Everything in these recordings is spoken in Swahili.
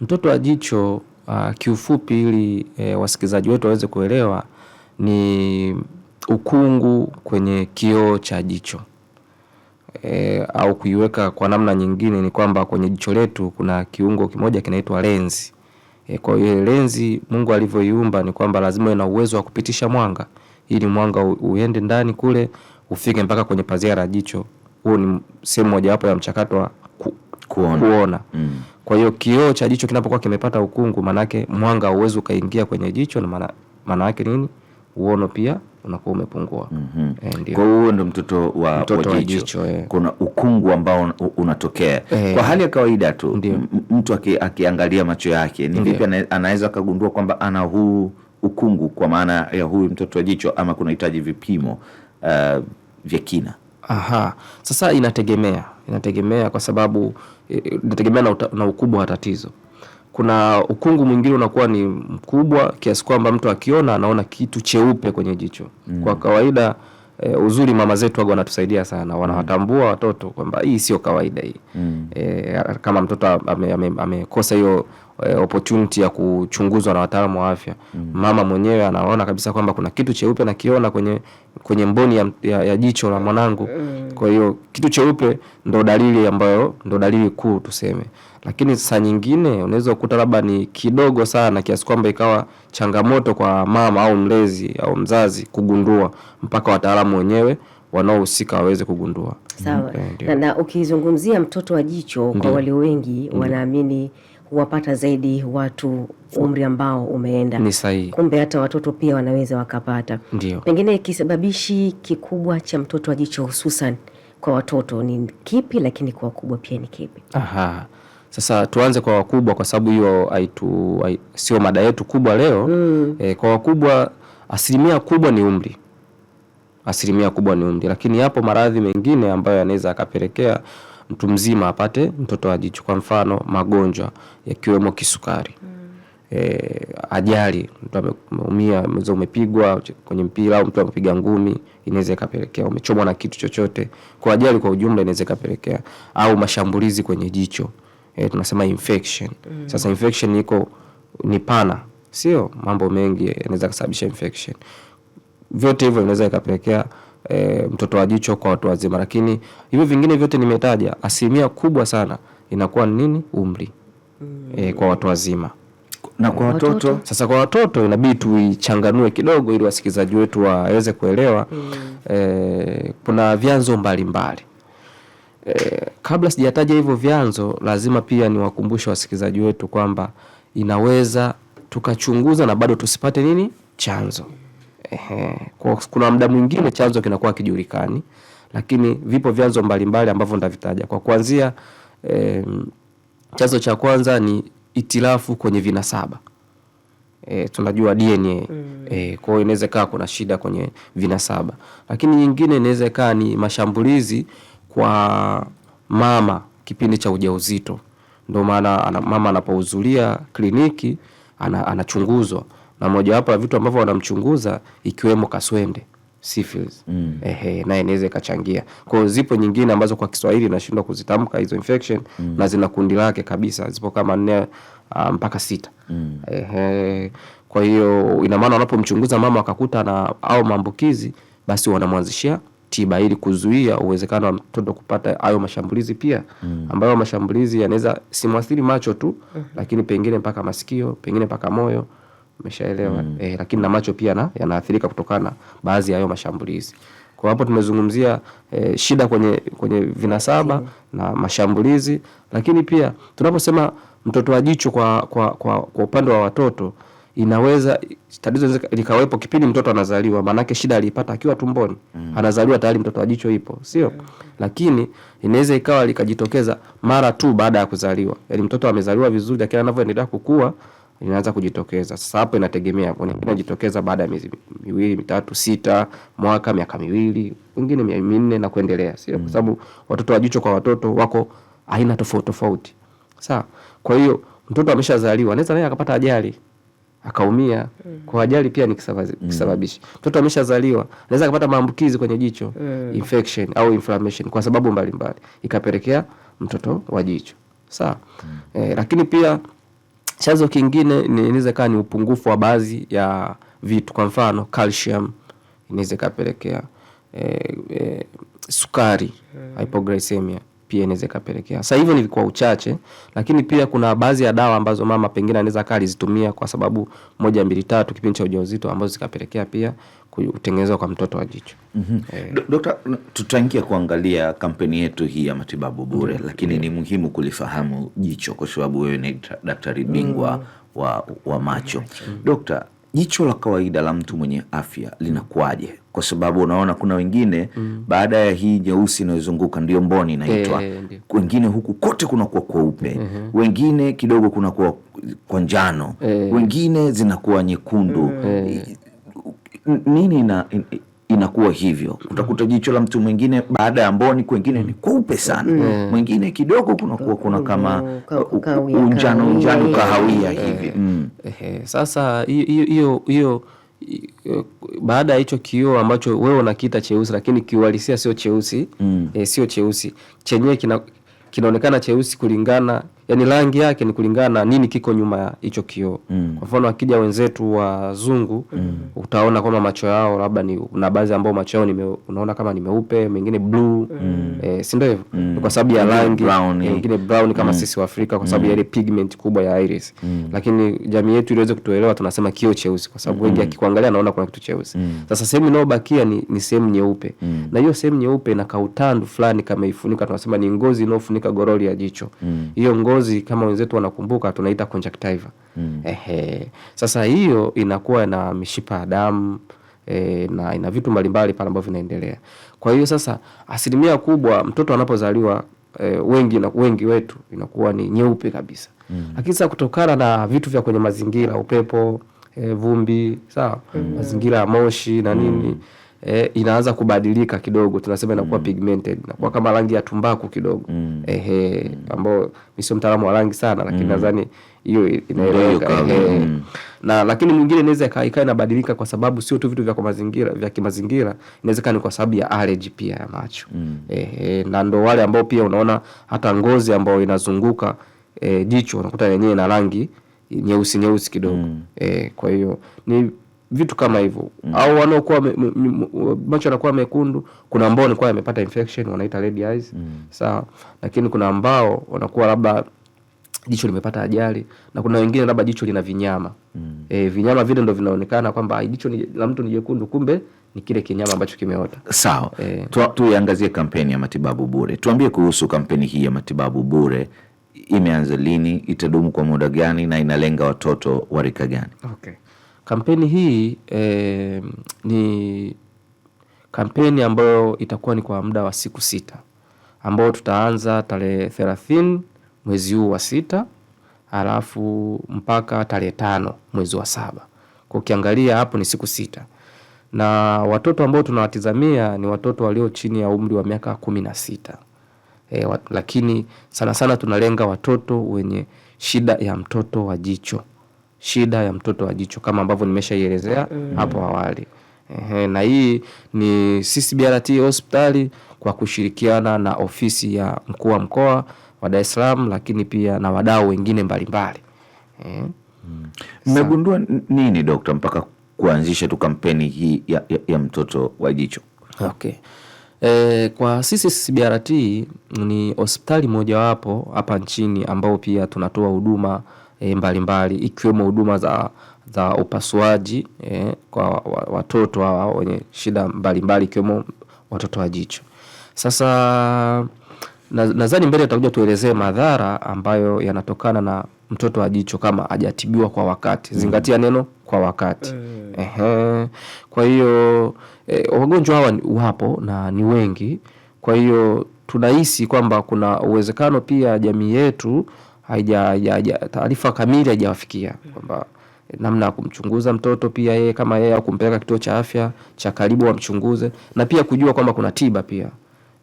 Mtoto wa jicho uh, kiufupi ili e, wasikilizaji wetu waweze kuelewa ni ukungu kwenye kioo cha jicho e, au kuiweka kwa namna nyingine ni kwamba kwenye jicho letu kuna kiungo kimoja kinaitwa lenzi e, kwa hiyo lenzi Mungu alivyoiumba ni kwamba lazima ina uwezo wa kupitisha mwanga ili mwanga uende ndani kule ufike mpaka kwenye pazia la jicho. Huo ni sehemu mojawapo ya mchakato wa kuona, kuona. Mm. Kwa hiyo kioo cha jicho kinapokuwa kimepata ukungu, maanake mwanga hauwezi ukaingia kwenye jicho, na maana yake nini? Uono pia unakuwa umepungua. mm -hmm. E, kwa hiyo huo ndo mtoto wa, mtoto wa jicho, e. Kuna ukungu ambao unatokea e. Kwa hali ya kawaida tu mtu akiangalia macho yake ni vipi anaweza akagundua kwamba ana huu ukungu kwa maana ya huyu mtoto wa jicho ama kunahitaji vipimo uh, vya kina? Aha, sasa inategemea inategemea kwa sababu e, e, inategemea na, na ukubwa wa tatizo. Kuna ukungu mwingine unakuwa ni mkubwa kiasi kwamba mtu akiona anaona kitu cheupe kwenye jicho mm. Kwa kawaida E, uzuri mama zetu waga wanatusaidia sana, wanawatambua watoto kwamba hii sio kawaida hii mm. E, kama mtoto amekosa ame, hiyo e, opportunity ya kuchunguzwa na wataalamu wa afya mm. Mama mwenyewe anaona kabisa kwamba kuna kitu cheupe nakiona kwenye, kwenye mboni ya, ya, ya jicho la mwanangu. Mm. Kwa hiyo kitu cheupe ndo dalili ambayo ndo dalili kuu tuseme lakini saa nyingine unaweza kukuta labda ni kidogo sana kiasi kwamba ikawa changamoto kwa mama au mlezi au mzazi kugundua mpaka wataalamu wenyewe wanaohusika waweze kugundua. Sawa. Mm-hmm. Eh, na, na ukizungumzia mtoto wa jicho kwa walio wengi wanaamini huwapata zaidi watu umri ambao umeenda. Ni sahihi. Kumbe hata watoto pia wanaweza wakapata. Ndiyo. Pengine kisababishi kikubwa cha mtoto wa jicho hususan kwa watoto ni kipi, lakini kwa wakubwa pia ni kipi? Aha. Sasa tuanze kwa wakubwa, kwa sababu hiyo sio mada yetu kubwa leo mm. E, kwa wakubwa asilimia kubwa ni umri, asilimia kubwa ni umri, lakini yapo maradhi mengine ambayo yanaweza akapelekea mtu mzima apate mtoto wa jicho. Kwa mfano magonjwa yakiwemo kisukari mm. E, ajali, mtu ameumia, umepigwa kwenye mpira au mtu amepiga ngumi, inaweza ikapelekea, umechomwa na kitu chochote, kwa ajali kwa ujumla inaweza ikapelekea, au mashambulizi kwenye jicho e, tunasema infection mm. Sasa infection iko ni pana, sio mambo mengi eh, yanaweza kusababisha infection. Vyote hivyo inaweza ikapelekea e, mtoto wa jicho kwa watu wazima, lakini hivyo vingine vyote nimetaja, asilimia kubwa sana inakuwa nini? Umri mm. E, kwa watu wazima na kwa watoto. Watoto sasa, kwa watoto inabidi tuichanganue kidogo, ili wasikilizaji wetu waweze kuelewa mm. E, kuna vyanzo mbalimbali Eh, kabla sijataja hivyo vyanzo, lazima pia niwakumbushe wasikilizaji wetu kwamba inaweza tukachunguza na bado tusipate nini chanzo. Ehe, kwa kuna muda mwingine chanzo kinakuwa kijulikani, lakini vipo vyanzo mbalimbali ambavyo ndavitaja kwa kuanzia. E, chanzo cha kwanza ni itilafu kwenye vinasaba. E, tunajua DNA mm. E, kwa hiyo inaweza ikawa kuna shida kwenye vinasaba, lakini nyingine inaweza ikawa ni mashambulizi kwa mama kipindi cha ujauzito. Ndio maana ana, mama anapohudhuria kliniki ana, anachunguzwa na mojawapo ya vitu ambavyo wanamchunguza ikiwemo kaswende syphilis. Mm. Ehe, na inaweza ikachangia. Kwa hiyo zipo nyingine ambazo kwa Kiswahili nashindwa kuzitamka hizo infection mm. na zina kundi lake kabisa, zipo kama nne ah, mpaka sita. Mm. Ehe, kwa hiyo ina maana wanapomchunguza mama akakuta na au maambukizi, basi wanamwanzishia tiba ili kuzuia uwezekano wa mtoto kupata hayo mashambulizi pia mm. ambayo mashambulizi yanaweza simwathiri macho tu mm. lakini pengine mpaka masikio, pengine mpaka moyo, umeshaelewa mm. eh, lakini na macho pia yanaathirika kutokana na baadhi ya hayo mashambulizi. Kwa hapo tumezungumzia eh, shida kwenye, kwenye vinasaba mm. na mashambulizi, lakini pia tunaposema mtoto wa jicho kwa, kwa, kwa, kwa upande wa watoto inaweza tatizo likawepo kipindi mtoto anazaliwa, maanake shida aliipata akiwa tumboni mm. Anazaliwa tayari mtoto wa jicho ipo, sio? Mm. Lakini inaweza ikawa likajitokeza mara tu baada ya kuzaliwa, yaani mtoto amezaliwa vizuri, lakini anavyoendelea kukua inaanza kujitokeza. Sasa hapo inategemea, inajitokeza baada ya miezi miwili mitatu, sita, mwaka, miaka miwili, wengine minne na kuendelea, sio? mm. Kwa sababu watoto wa jicho kwa watoto wako aina tofauti tofauti, sawa. Kwa hiyo mtoto ameshazaliwa, anaweza naye akapata ajali akaumia mm. Kwa ajali pia ni mm. kisababishi. Mtoto ameshazaliwa anaweza akapata maambukizi kwenye jicho mm. infection au inflammation kwa sababu mbalimbali ikapelekea mtoto wa jicho sawa. mm. Eh, lakini pia chanzo kingine inaweza ikawa ni upungufu wa baadhi ya vitu, kwa mfano calcium inaweza ikapelekea eh, eh, sukari mm. hypoglycemia pia inaweza ikapelekea. Sasa hivyo ni kwa uchache, lakini pia kuna baadhi ya dawa ambazo mama pengine anaweza kali zitumia kwa sababu moja mbili tatu kipindi cha ujauzito ambazo zikapelekea pia kutengenezwa kwa mtoto wa jicho. mm -hmm. Eh. Dokta, tutaingia kuangalia kampeni yetu hii ya matibabu bure. mm -hmm. Lakini mm -hmm. ni muhimu kulifahamu jicho kwa sababu wewe ni daktari bingwa mm -hmm. wa, wa macho. mm -hmm. Dokta, jicho la kawaida la mtu mwenye afya linakuwaje? Kwa sababu unaona kuna wengine mm. baada ya hii nyeusi inayozunguka ndio mboni inaitwa hey, eh, eh, wengine huku kote kunakuwa kweupe mm -hmm. wengine kidogo kunakuwa kwa njano hey. Eh. wengine zinakuwa nyekundu mm. hey. nini ina, inakuwa hivyo. Utakuta jicho la mtu mwingine baada ya mboni, kwengine ni kweupe sana, mm. Mm. mwingine mm. kidogo kunakuwa kuna kama unjano unjano mm. kahawia hivi eh, mm. Eh, sasa hiyo hiyo baada ya hicho kioo ambacho wewe unakiita cheusi, lakini kiuhalisia sio cheusi mm. E, sio cheusi chenyewe kina, kinaonekana cheusi kulingana yani rangi yake ni kulingana na nini kiko nyuma ya hicho kioo mm. Kwa mfano akija wenzetu wazungu mm. utaona kwamba macho yao labda ni na baadhi ambao macho yao nime, unaona kama ni meupe, mengine bluu mm. eh, si ndio hivyo mm. Kwa sababu ya rangi eh. mengine brown kama mm. sisi wa Afrika kwa sababu mm. ya ile pigment kubwa ya iris mm. Lakini jamii yetu iliweze kutuelewa, tunasema kioo cheusi kwa sababu mm. wengi akikuangalia anaona kuna kitu cheusi mm. Sasa sehemu inayobakia ni, ni sehemu nyeupe mm. na hiyo sehemu nyeupe na kautandu fulani kama ifunika, tunasema ni ngozi inayofunika goroli ya jicho mm. hiyo mm. ngozi ngozi kama wenzetu wanakumbuka tunaita conjunctiva. Mm. Ehe. Sasa hiyo inakuwa na mishipa ya damu e, na ina vitu mbalimbali pale ambavyo vinaendelea. Kwa hiyo sasa asilimia kubwa mtoto anapozaliwa e, wengi na wengi wetu inakuwa ni nyeupe kabisa. Mm. Lakini sasa kutokana na vitu vya kwenye mazingira upepo, e, vumbi, sawa? Mm. Mazingira ya moshi na nini mm eh, inaanza kubadilika kidogo, tunasema inakuwa mm. pigmented inakuwa kama rangi ya tumbaku kidogo mm. ehe, ambao mimi sio mtaalamu wa rangi sana, lakini mm. nadhani hiyo inaeleweka ehe mm. na lakini mwingine inaweza ikawa inabadilika kwa sababu sio tu vitu vya kimazingira vya kimazingira, inawezekana ni kwa sababu ya allergy pia ya macho mm. ehe, na ndo wale ambao pia unaona hata ngozi ambayo inazunguka eh, jicho unakuta yenyewe ina rangi nyeusi nyeusi kidogo mm. eh, kwa hiyo ni vitu kama hivyo mm. au wanaokuwa macho yanakuwa mekundu. Kuna ambao wanakuwa wamepata infection wanaita red eyes mm. sawa, lakini kuna ambao wanakuwa labda jicho limepata ajali na kuna wengine labda jicho lina vinyama mm. E, vinyama vile ndo vinaonekana kwamba jicho la mtu ni jekundu, kumbe ni kile kinyama ambacho kimeota. Sawa e. Tuiangazie kampeni ya matibabu bure. Tuambie kuhusu kampeni hii ya matibabu bure, imeanza lini, itadumu kwa muda gani na inalenga watoto wa rika gani? okay. Kampeni hii e, ni kampeni ambayo itakuwa ni kwa muda wa siku sita ambayo tutaanza tarehe thelathini mwezi huu wa sita alafu mpaka tarehe tano mwezi wa saba. Kwa ukiangalia hapo ni siku sita, na watoto ambao tunawatizamia ni watoto walio chini ya umri wa miaka kumi na sita. E, lakini sana sana tunalenga watoto wenye shida ya mtoto wa jicho shida ya mtoto wa jicho kama ambavyo nimeshaielezea mm. hapo awali. Ehe, na hii ni CCBRT hospitali kwa kushirikiana na ofisi ya mkuu wa mkoa wa Dar es Salaam, lakini pia na wadau wengine mbalimbali. Mm. Mmegundua mm. nini dokta, mpaka kuanzisha tu kampeni hii ya, ya, ya mtoto wa jicho? Okay. E, kwa sisi CCBRT ni hospitali mojawapo hapa nchini ambao pia tunatoa huduma e, mbalimbali ikiwemo huduma za, za upasuaji e, kwa watoto hawa wenye shida mbalimbali ikiwemo watoto wa jicho. Sasa nadhani mbele tutakuja tuelezee madhara ambayo yanatokana na mtoto wa jicho kama hajatibiwa kwa wakati. Mm. Zingatia neno kwa wakati. Eh. Ehe. Kwa hiyo e, wagonjwa hawa wapo na ni wengi, kwa hiyo tunahisi kwamba kuna uwezekano pia jamii yetu taarifa kamili haijawafikia mm. kwamba namna ya kumchunguza mtoto pia yeye kama yeye au kumpeleka kituo cha afya cha karibu wamchunguze, na pia kujua kwamba kuna tiba pia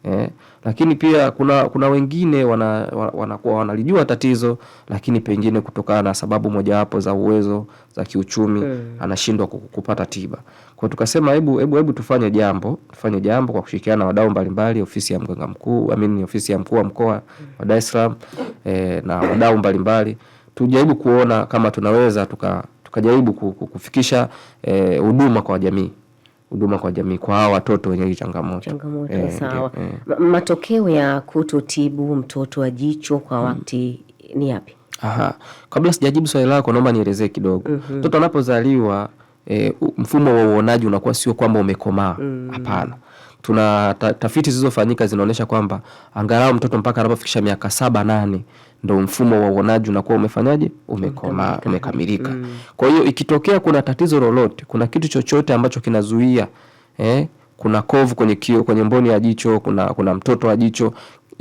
eh. Lakini pia kuna kuna wengine wanakuwa wana, wanalijua tatizo lakini pengine kutokana na sababu mojawapo za uwezo za kiuchumi hmm, anashindwa kupata tiba. Kwa tukasema hebu hebu hebu tufanye jambo, tufanye jambo kwa kushirikiana na wadau mbalimbali, ofisi ya mganga mkuu, I mean ofisi ya mkuu wa mkoa wa Dar es Salaam eh, na wadau mbalimbali. Tujaribu kuona kama tunaweza tuka tukajaribu kufikisha eh, huduma eh, kwa jamii huduma kwa jamii kwa hawa watoto wenye hii changamoto. Changamoto eh, sawa. Eh. eh. Matokeo ya kutotibu mtoto wa jicho kwa wakati hmm, ni yapi? Aha. Kabla sijajibu swali lako naomba nielezee kidogo. Mm-hmm. Mtoto mm -hmm. anapozaliwa e, mfumo wa uonaji unakuwa sio kwamba umekomaa mm. hapana. Mm. Tuna ta, tafiti zilizofanyika zinaonyesha kwamba angalau mtoto mpaka anapofikisha miaka saba nane ndo mfumo wa uonaji unakuwa umefanyaje, umekomaa, umekamilika. Mm. Kwa hiyo ikitokea kuna tatizo lolote, kuna kitu chochote ambacho kinazuia eh, kuna kovu kwenye kio, kwenye mboni ya jicho, kuna kuna mtoto wa jicho,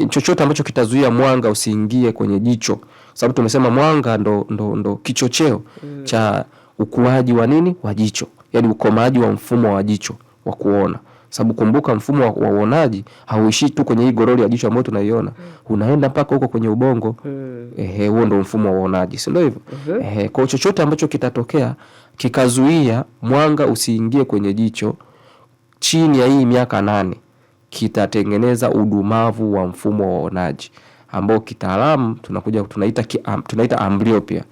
chochote ambacho kitazuia mwanga usiingie kwenye jicho, sababu tumesema mwanga ndo, ndo, ndo kichocheo mm. cha ukuaji wa nini wa jicho, yani ukomaji wa mfumo wa jicho wa kuona, sababu kumbuka mfumo wa uonaji hauishii tu kwenye hii gorori ya jicho ambayo tunaiona mm. unaenda mpaka huko kwenye ubongo mm. Ehe, huo ndo mfumo wa uonaji, si ndio hivyo? mm -hmm. Ehe, kwa chochote ambacho kitatokea kikazuia mwanga usiingie kwenye jicho chini ya hii miaka nane kitatengeneza udumavu wa mfumo wa uonaji ambao kitaalamu tunakuja tunaita ki, um, tunaita amblyopia.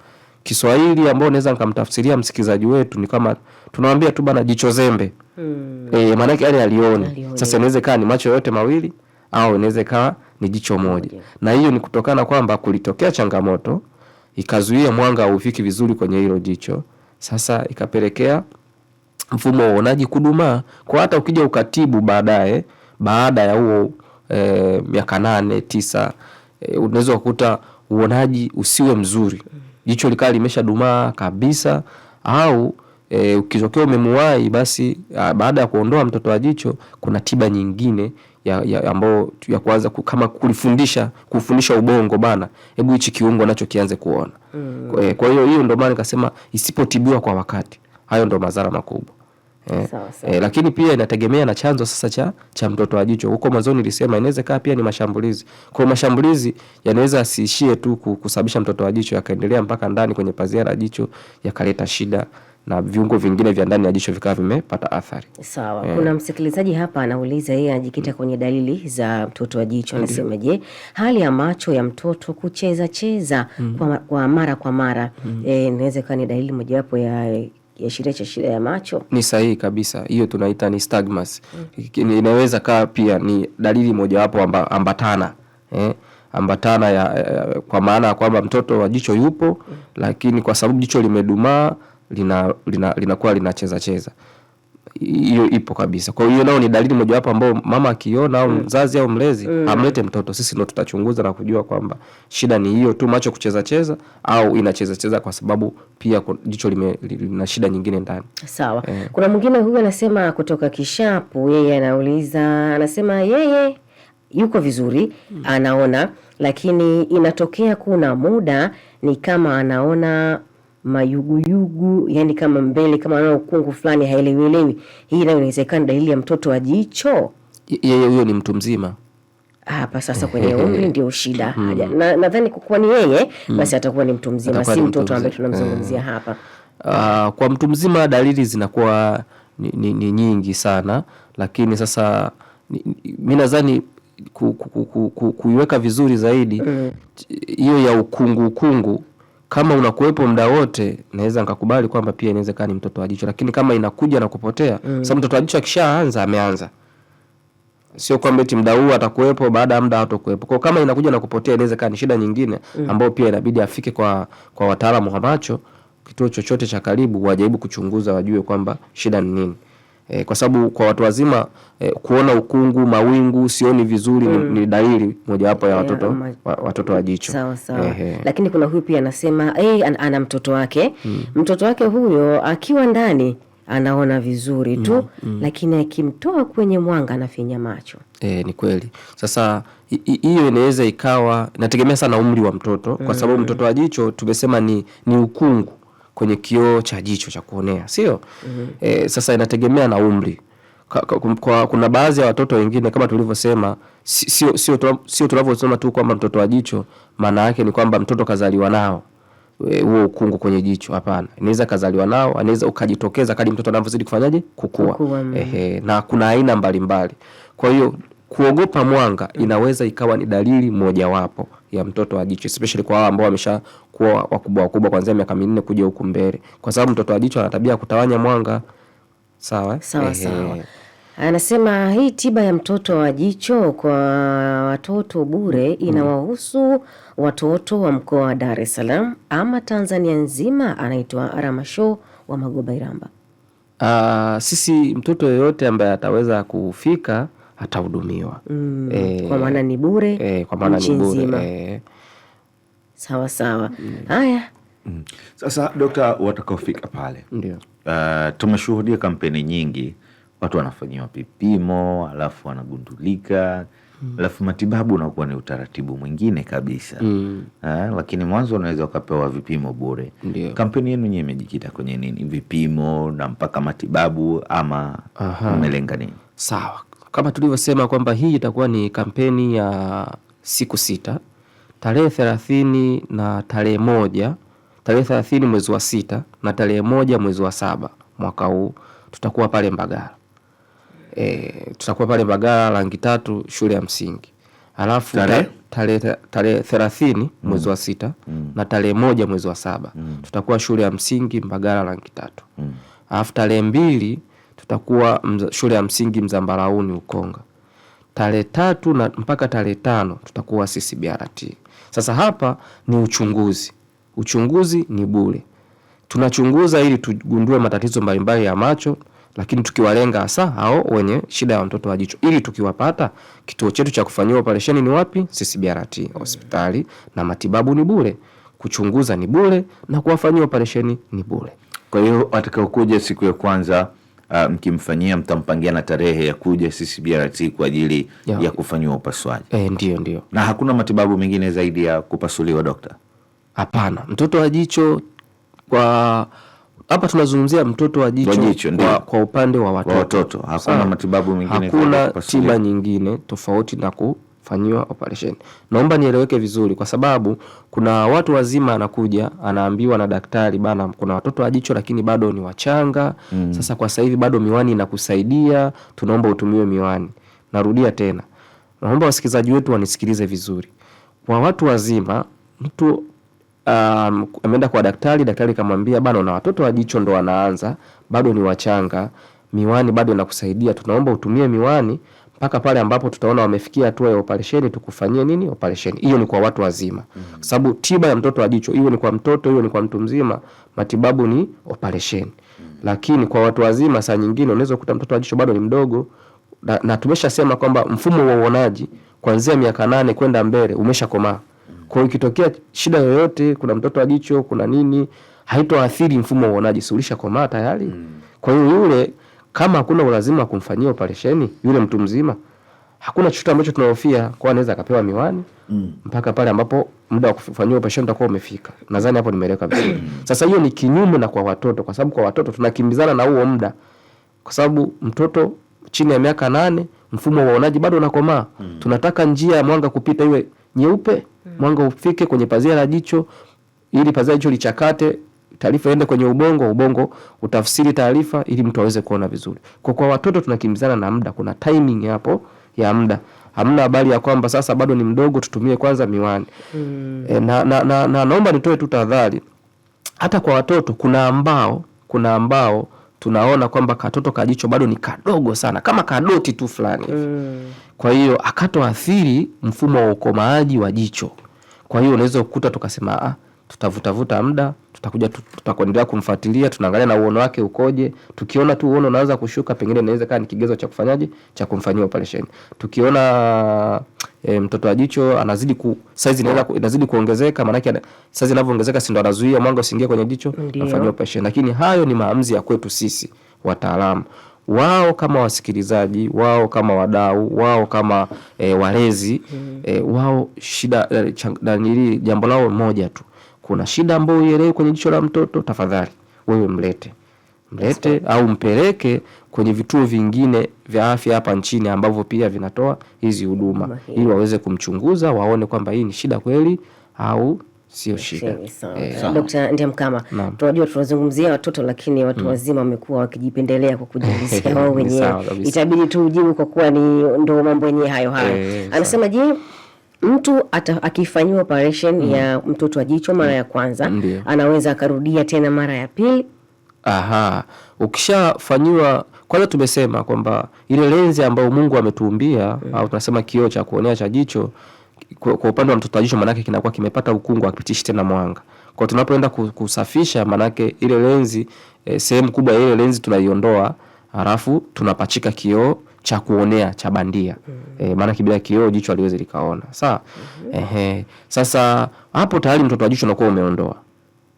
Kiswahili ambao naweza nikamtafsiria msikilizaji wetu ni kama tunamwambia tu bana jicho zembe. Hmm. E, eh, maanake yale alione. Sasa inaweza kaa ni macho yote mawili au inaweza kaa ni jicho moja. Okay. Na hiyo ni kutokana kwamba kulitokea changamoto ikazuia mwanga ufiki vizuri kwenye hilo jicho. Sasa ikapelekea mfumo wa uonaji kudumaa. Kwa hata ukija ukatibu baadaye baada ya huo e, miaka nane tisa e, unaweza kukuta uonaji usiwe mzuri jicho likawa dumaa kabisa au e, ukizokea umemuwai basi a, baada ya kuondoa mtoto wa jicho kuna tiba nyingine ya, ya ambayo ya kuanza kama kulifundisha kufundisha ubongo bana, hebu hichi kiungo nacho kianze kuona mm. Kwa e, hiyo hiyo ndio maana nikasema isipotibiwa kwa wakati, hayo ndo madhara makubwa. Eh, Eh, lakini pia inategemea na chanzo sasa cha cha mtoto wa jicho. Huko mwanzoni nilisema inaweza kaa pia ni mashambulizi. Kwa mashambulizi yanaweza asiishie tu kusababisha mtoto wa jicho yakaendelea mpaka ndani kwenye pazia la jicho yakaleta shida na viungo vingine vya ndani ya jicho vikawa vimepata athari. Sawa. Yeah. Kuna msikilizaji hapa anauliza yeye anajikita kwenye dalili za mtoto wa jicho anasema, je, hali ya macho ya mtoto kucheza cheza mm. kwa, kwa mara kwa mara mm. eh, inaweza kuwa ni dalili mojawapo ya kiashiria cha shida ya macho. Ni sahihi kabisa, hiyo tunaita ni stagmas. Mm. Inaweza kaa pia ni dalili mojawapo amba, ambatana eh? ambatana ya, ya, eh, kwa maana ya kwamba mtoto wa jicho yupo mm. lakini kwa sababu jicho limedumaa linakuwa lina, lina cheza hiyo ipo kabisa. Kwa hiyo nao ni dalili mojawapo ambao mama akiona au mm. mzazi au mlezi mm. amlete mtoto, sisi ndo tutachunguza na kujua kwamba shida ni hiyo tu, macho kucheza cheza au inacheza cheza kwa sababu pia jicho lina shida nyingine ndani. Sawa eh. Kuna mwingine huyu anasema kutoka Kishapu, yeye anauliza, anasema yeye yuko vizuri mm. anaona, lakini inatokea kuna muda ni kama anaona mayuguyugu, yani kama mbele, kama ana ukungu fulani haelewelewi. Hii nayo inawezekana dalili ya mtoto wa jicho. Yeye huyo ni mtu mzima hapa sasa kwenye umri ndio shida hmm. haja. Na nadhani kwa kuwa ni yeye hmm. basi atakuwa ni mtu mzima, si mtoto ambaye tunamzungumzia hapa. Uh, kwa mtu mzima dalili zinakuwa ni, ni, ni nyingi sana, lakini sasa mi nadhani kuiweka ku, ku, ku, vizuri zaidi mm. hiyo mm. ya ukungu ukungu kama unakuwepo muda wote, naweza nikakubali kwamba pia inaweza kaa ni mtoto wa jicho, lakini kama inakuja na kupotea mm. Sababu mtoto wa jicho akishaanza ameanza, sio kwamba eti muda huu atakuwepo, baada ya muda hatakuwepo. Kwa kama inakuja na kupotea, inaweza kaa ni shida nyingine mm. ambayo pia inabidi afike kwa kwa wataalamu wa macho, kituo chochote cha karibu, wajaribu kuchunguza, wajue kwamba shida ni nini e, kwa sababu kwa watu wazima e, kuona ukungu, mawingu, sioni vizuri mm. ni, ni dalili mojawapo ya watoto yeah, wa, watoto wa jicho sawa sawa. Ehe. Lakini kuna huyu pia anasema hey, eh, an, ana mtoto wake mm. mtoto wake huyo akiwa ndani anaona vizuri tu mm, mm. lakini akimtoa kwenye mwanga anafinya macho. E, ni kweli. Sasa hiyo inaweza ikawa inategemea sana umri wa mtoto, kwa mm. sababu mtoto wa jicho tumesema ni, ni ukungu kwenye kioo cha jicho cha kuonea, sio? mm -hmm. E, sasa inategemea na umri kwa, kuna baadhi ya watoto wengine kama tulivyosema, sio sio tunavyosema tu kwamba mtoto wa jicho maana yake ni kwamba mtoto kazaliwa nao eh, huo ukungu kwenye jicho. Hapana, inaweza kazaliwa nao, anaweza ukajitokeza kadi mtoto anavyozidi kufanyaje kukua. Mm. Ehe, na kuna aina mbalimbali, kwa hiyo kuogopa mwanga inaweza ikawa ni dalili mojawapo ya mtoto wa jicho, especially kwa hao ambao wameshakuwa wakubwa wakubwa kuanzia miaka minne kuja huku mbele, kwa sababu mtoto wa jicho ana tabia ya kutawanya mwanga. Sawa sawa sawa. Anasema hii tiba ya mtoto wa jicho kwa watoto bure mm. inawahusu watoto wa mkoa wa Dar es Salaam ama Tanzania nzima. Anaitwa Ramasho wa Magoba Iramba. Uh, sisi mtoto yoyote ambaye ataweza kufika atahudumiwa mm. E, kwa maana ni bure e, kwa maana ni bure e. Sawa sawa, mm. haya mm. mm. Sasa dokta, watakaofika pale ndio uh, tumeshuhudia kampeni nyingi, watu wanafanyiwa vipimo alafu wanagundulika mm. alafu matibabu unakuwa ni utaratibu mwingine kabisa mm. Ha, lakini mwanzo unaweza ukapewa vipimo bure. Kampeni yenu nyiwe imejikita kwenye nini? Vipimo na mpaka matibabu ama umelenga nini? Sawa, kama tulivyosema kwamba hii itakuwa ni kampeni ya siku sita, tarehe thelathini na tarehe moja, tarehe thelathini mwezi wa sita na tarehe moja mwezi wa saba mwaka huu tutakuwa pale Mbagala. E, tutakuwa pale Mbagala Rangi Tatu shule ya msingi alafu tarehe thelathini mm. mwezi wa sita mm. na tarehe moja mwezi wa saba mm. tutakuwa shule ya msingi Mbagala Rangi Tatu mm. alafu tarehe mbili tutakuwa mza, shule ya msingi Mzambarauni Ukonga. Tarehe tatu na mpaka tarehe tano tutakuwa BRT. Sasa hapa ni uchunguzi, uchunguzi ni bure, tunachunguza ili tugundue matatizo mbalimbali ya macho lakini tukiwalenga hasa hao wenye shida ya mtoto wa jicho ili tukiwapata, kituo chetu cha kufanyia operesheni ni wapi? BRT hospitali, na matibabu ni bure, kuchunguza ni bure na kuwafanyia operesheni ni bure. Kwa hiyo watakaokuja siku ya kwanza uh, mkimfanyia mtampangia na tarehe ya kuja CCBRT kwa ajili yeah, ya kufanyiwa upasuaji. E, ndio ndio. Na hakuna matibabu mengine zaidi ya kupasuliwa dokta? Hapana, mtoto wa jicho kwa hapa tunazungumzia mtoto wa jicho, wa jicho kwa, kwa upande wa watoto, wa watoto. Hakuna matibabu mengine, hakuna tiba nyingine tofauti na ku kufanyiwa operation. Naomba nieleweke vizuri, kwa sababu kuna watu wazima anakuja anaambiwa na daktari bana, kuna watoto wa jicho lakini bado ni wachanga mm. Sasa kwa sasa hivi bado miwani inakusaidia, tunaomba utumie miwani. Narudia tena, naomba wasikilizaji wetu wanisikilize vizuri. Kwa watu wazima mtu Um, ameenda kwa daktari, daktari kamwambia bana, na watoto wa jicho ndo wanaanza, bado ni wachanga, miwani bado inakusaidia, tunaomba utumie miwani mpaka pale ambapo tutaona wamefikia hatua ya operesheni tukufanyie nini operesheni. Hiyo ni kwa watu wazima, mm-hmm. kwa sababu tiba ya mtoto wa jicho hiyo ni kwa mtoto hiyo ni kwa mtu mzima, matibabu ni operesheni. Mm. Lakini kwa watu wazima saa nyingine unaweza kukuta mtoto wa jicho bado ni mdogo na, na tumeshasema kwamba mfumo wa uonaji kuanzia miaka nane kwenda mbele umeshakomaa. Mm. Kwa hiyo ikitokea shida yoyote, kuna mtoto wa jicho, kuna nini, haitoathiri mfumo wa uonaji, si ulishakomaa tayari. mm-hmm. Kwa hiyo yule kama hakuna ulazima wa kumfanyia operesheni yule mtu mzima, hakuna chochote ambacho tunahofia kwa, anaweza akapewa miwani mm. mpaka pale ambapo muda wa kufanyia operesheni utakuwa umefika. Nadhani hapo nimeeleka vizuri. Mm. Sasa hiyo ni kinyume na kwa watoto, kwa sababu kwa watoto tunakimbizana na huo muda, kwa sababu mtoto chini ya miaka nane mfumo wa uonaji bado unakomaa mm. tunataka njia ya mwanga kupita iwe nyeupe, mm. mwanga ufike kwenye pazia la jicho ili pazia la jicho lichakate taarifa iende kwenye ubongo, ubongo utafsiri taarifa ili mtu aweze kuona vizuri. Kwa kwa watoto tunakimbizana na muda, kuna timing hapo ya muda. Hamna habari ya kwamba sasa bado ni mdogo, tutumie kwanza miwani mm. E, na, na, na, na naomba nitoe tu tahadhari hata kwa watoto. Kuna ambao kuna ambao tunaona kwamba katoto kajicho bado ni kadogo sana kama kadoti tu fulani mm. Kwa hiyo akatoathiri mfumo wa ukomaaji wa jicho, kwa hiyo unaweza kukuta tukasema ah, tutavutavuta muda, tutakuja tutakuendelea kumfuatilia, tunaangalia na uono wake ukoje. Tukiona tu uono unaanza kushuka, pengine inaweza kaa ni kigezo cha kufanyaje cha kumfanyia operation. Tukiona e, mtoto wa jicho anazidi ku size inaweza inazidi kuongezeka, maana yake size inavyoongezeka, si ndo anazuia mwanga usiingie kwenye jicho, tunafanyia operation. Lakini hayo ni maamuzi ya kwetu sisi wataalamu wao kama wasikilizaji wao kama wadau wao kama e, walezi mm. E, wao shida nili jambo lao moja tu kuna shida ambayo uielewi kwenye jicho la mtoto, tafadhali wewe mlete mlete au mpeleke kwenye vituo vingine vya afya hapa nchini ambavyo pia vinatoa hizi huduma ili waweze kumchunguza waone kwamba hii ni shida kweli au sio shida. Dr. Eh. Mkama, tunajua tunazungumzia watoto lakini watu mm. wazima wamekuwa wakijipendelea kwa kujisikia wao wenyewe, itabidi tu ujibu kwa kuwa ni ndo mambo yenyewe hayo hayo. Eh, Anasema je, mtu akifanyiwa operation mm. ya mm-hmm. mtoto wa jicho mara ya mm-hmm. kwanza Ndiyo. anaweza akarudia tena mara ya pili. Aha, ukishafanyiwa kwanza, tumesema kwamba ile lenzi ambayo Mungu ametuumbia mm. au tunasema kioo cha kuonea cha jicho kwa upande wa mtoto wa jicho maanake kinakuwa kimepata ukungu, akipitishi tena mwanga. Kwa tunapoenda kusafisha, maanake ile lenzi eh, sehemu kubwa ya ile lenzi tunaiondoa, halafu tunapachika kioo cha kuonea cha bandia mm -hmm. E, maana kibila kioo jicho aliwezi likaona sawa. mm -hmm. Ehe, sasa hapo tayari mtoto wa jicho unakuwa umeondoa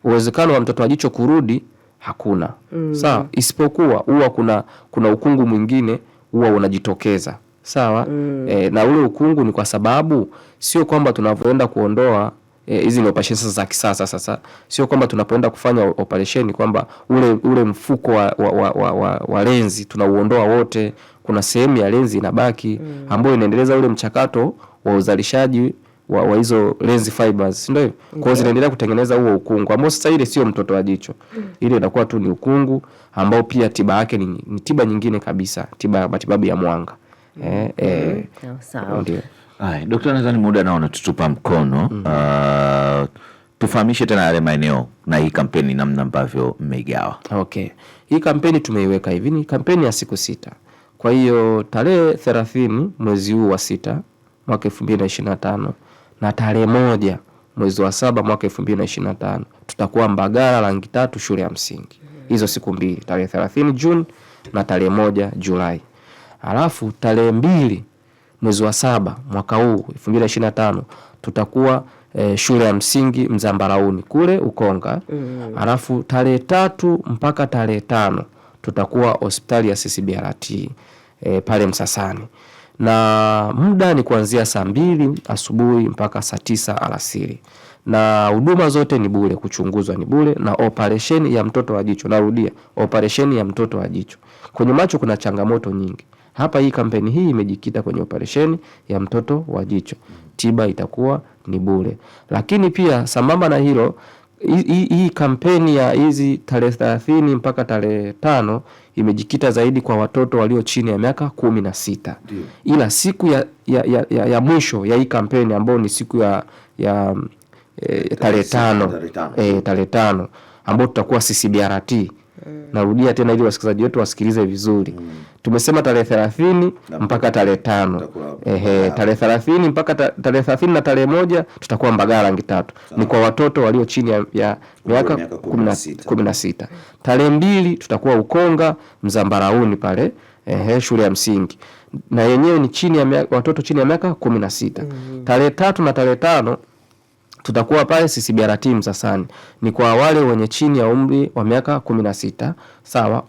uwezekano wa mtoto wa jicho kurudi hakuna. mm -hmm. Sawa, isipokuwa huwa kuna kuna ukungu mwingine huwa unajitokeza sawa. mm -hmm. E, na ule ukungu ni kwa sababu sio kwamba tunavyoenda kuondoa eh, hizi e, ni operesheni sasa za kisasa. Sasa sio kwamba tunapoenda kufanya operesheni kwamba ule ule mfuko wa, wa, wa, wa, wa, wa lenzi tunauondoa wote kuna sehemu ya lenzi inabaki mm. ambayo inaendeleza ule mchakato wa uzalishaji wa, wa hizo lens fibers ndio hivyo? Kwa hiyo zinaendelea kutengeneza huo ukungu ambao sasa ile sio mtoto wa jicho. Mm. Ile inakuwa tu ni ukungu ambao pia tiba yake ni, ni tiba nyingine kabisa, tiba ya matibabu ya mwanga. Mm. Eh, mm-hmm. eh, sawa. Ndio. Ai, daktari nadhani muda nao unatutupa mkono. Mm. Uh, tufahamishe tena yale maeneo na hii kampeni namna ambavyo mmeigawa. Okay. Hii kampeni tumeiweka hivi, ni kampeni ya siku sita. Kwa hiyo tarehe 30 mwezi huu wa sita mwaka 2025 na tarehe moja mwezi wa saba mwaka 2025 tutakuwa Mbagala rangi tatu shule ya msingi. Hizo siku mbili, tarehe 30 Juni na tarehe moja Julai. Alafu tarehe mbili mwezi wa saba mwaka huu 2025 tutakuwa e, shule ya msingi Mzambarauni kule Ukonga. Mm. Alafu tarehe tatu mpaka tarehe tano tutakuwa hospitali ya CCBRT e, pale Msasani na muda ni kuanzia saa mbili asubuhi mpaka saa tisa alasiri, na huduma zote ni bure, kuchunguzwa ni bure, na operesheni ya mtoto wa jicho. Narudia, operesheni ya mtoto wa jicho. Kwenye macho kuna changamoto nyingi hapa, hii kampeni hii imejikita kwenye operesheni ya mtoto wa jicho, tiba itakuwa ni bure. Lakini pia sambamba na hilo hii kampeni ya hizi tarehe thelathini mpaka tarehe tano imejikita zaidi kwa watoto walio chini ya miaka kumi na sita ila siku ya, ya, ya, ya, ya mwisho ya hii kampeni ambayo ni siku ya, ya e, tarehe tano e, tarehe tano ambayo tutakuwa CCBRT Narudia tena ili wasikilizaji wetu wasikilize vizuri. Mm. Tumesema tarehe 30 mpaka tarehe tano. Ehe, tarehe 30 mpaka tarehe 30 na tarehe moja tutakuwa mbagaa Rangi Tatu. Ni kwa watoto walio chini ya, ya miaka 16. Tarehe mbili tutakuwa Ukonga Mzambarauni pale ehe, shule ya msingi na yenyewe ni chini ya watoto chini ya miaka 16. Mm. Mm-hmm. Tarehe tatu na tarehe tano Tutakuwa pale CCBR msasani sasa ni kwa wale wenye chini ya umri wa miaka kumi na sita sawa,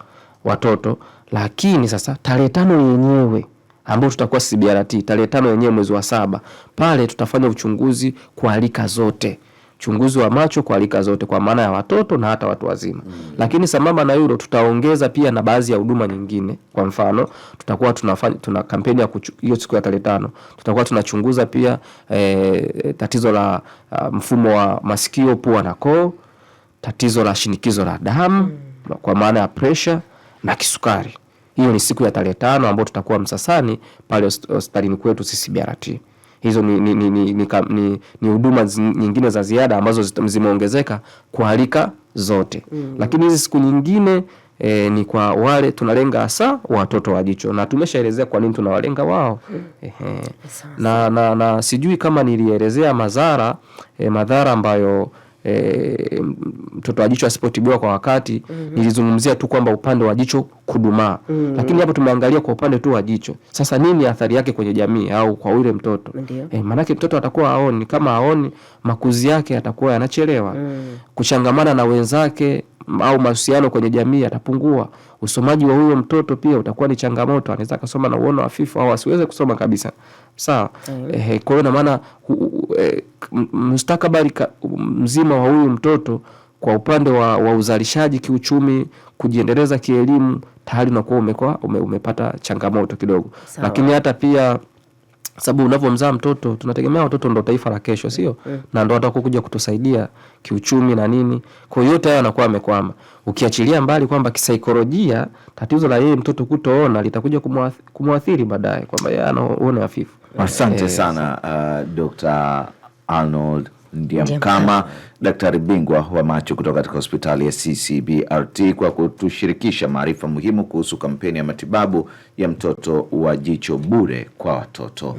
watoto. Lakini sasa tarehe tano yenyewe ambayo tutakuwa CCBRT tarehe tano yenyewe mwezi wa saba pale tutafanya uchunguzi kwa rika zote uchunguzi wa macho kwa rika zote, kwa maana ya watoto na hata watu wazima mm. Lakini sambamba na hilo, tutaongeza pia na baadhi ya huduma nyingine. Kwa mfano, tutakuwa tunafanya tuna kampeni ya hiyo siku ya tarehe tano, tutakuwa tunachunguza pia e, tatizo la a, ah, mfumo wa masikio, pua na koo, tatizo la shinikizo la damu mm. kwa maana ya pressure na kisukari. Hiyo ni siku ya tarehe tano ambayo tutakuwa Msasani pale hospitalini kwetu CCBRT. Hizo ni huduma ni, ni, ni, ni, ni nyingine za ziada ambazo zimeongezeka kualika zote mm. Lakini hizi siku nyingine E, ni kwa wale tunalenga hasa watoto wa jicho na tumeshaelezea kwa nini tunawalenga wao. mm. Na, na, na sijui kama nilielezea madhara e, madhara ambayo e, mtoto wa jicho asipotibiwa kwa wakati mm -hmm. Nilizungumzia tu kwamba upande wa jicho kudumaa mm -hmm. Lakini hapo tumeangalia kwa upande tu wa jicho, sasa nini athari yake kwenye jamii au kwa yule mtoto e, maanake mtoto atakuwa aoni, kama aoni makuzi yake atakuwa yanachelewa mm -hmm. Kuchangamana na wenzake au mahusiano kwenye jamii atapungua. Usomaji wa huyo mtoto pia utakuwa ni changamoto, anaweza akasoma na uono hafifu au asiweze kusoma kabisa. Sawa, mm -hmm. e, kwa hiyo na maana eh, mustakabali mzima wa huyu mtoto kwa upande wa, wa uzalishaji kiuchumi, kujiendeleza kielimu, tayari unakuwa umekuwa ume, umepata changamoto kidogo Sawa. Lakini hata pia sababu unavyomzaa mtoto tunategemea watoto ndo taifa la kesho, sio mm. na ndo watakokuja kutusaidia kiuchumi na nini. Kwa hiyo yote hayo anakuwa amekwama, ukiachilia mbali kwamba kisaikolojia tatizo la yeye mtoto kutoona litakuja kumuathiri baadaye, kwamba yeye anaona hafifu. Asante yes. Eh, sana uh, Dr. Arnold Ndiamkama, daktari bingwa wa macho kutoka katika hospitali ya CCBRT kwa kutushirikisha maarifa muhimu kuhusu kampeni ya matibabu ya mtoto wa jicho bure kwa watoto.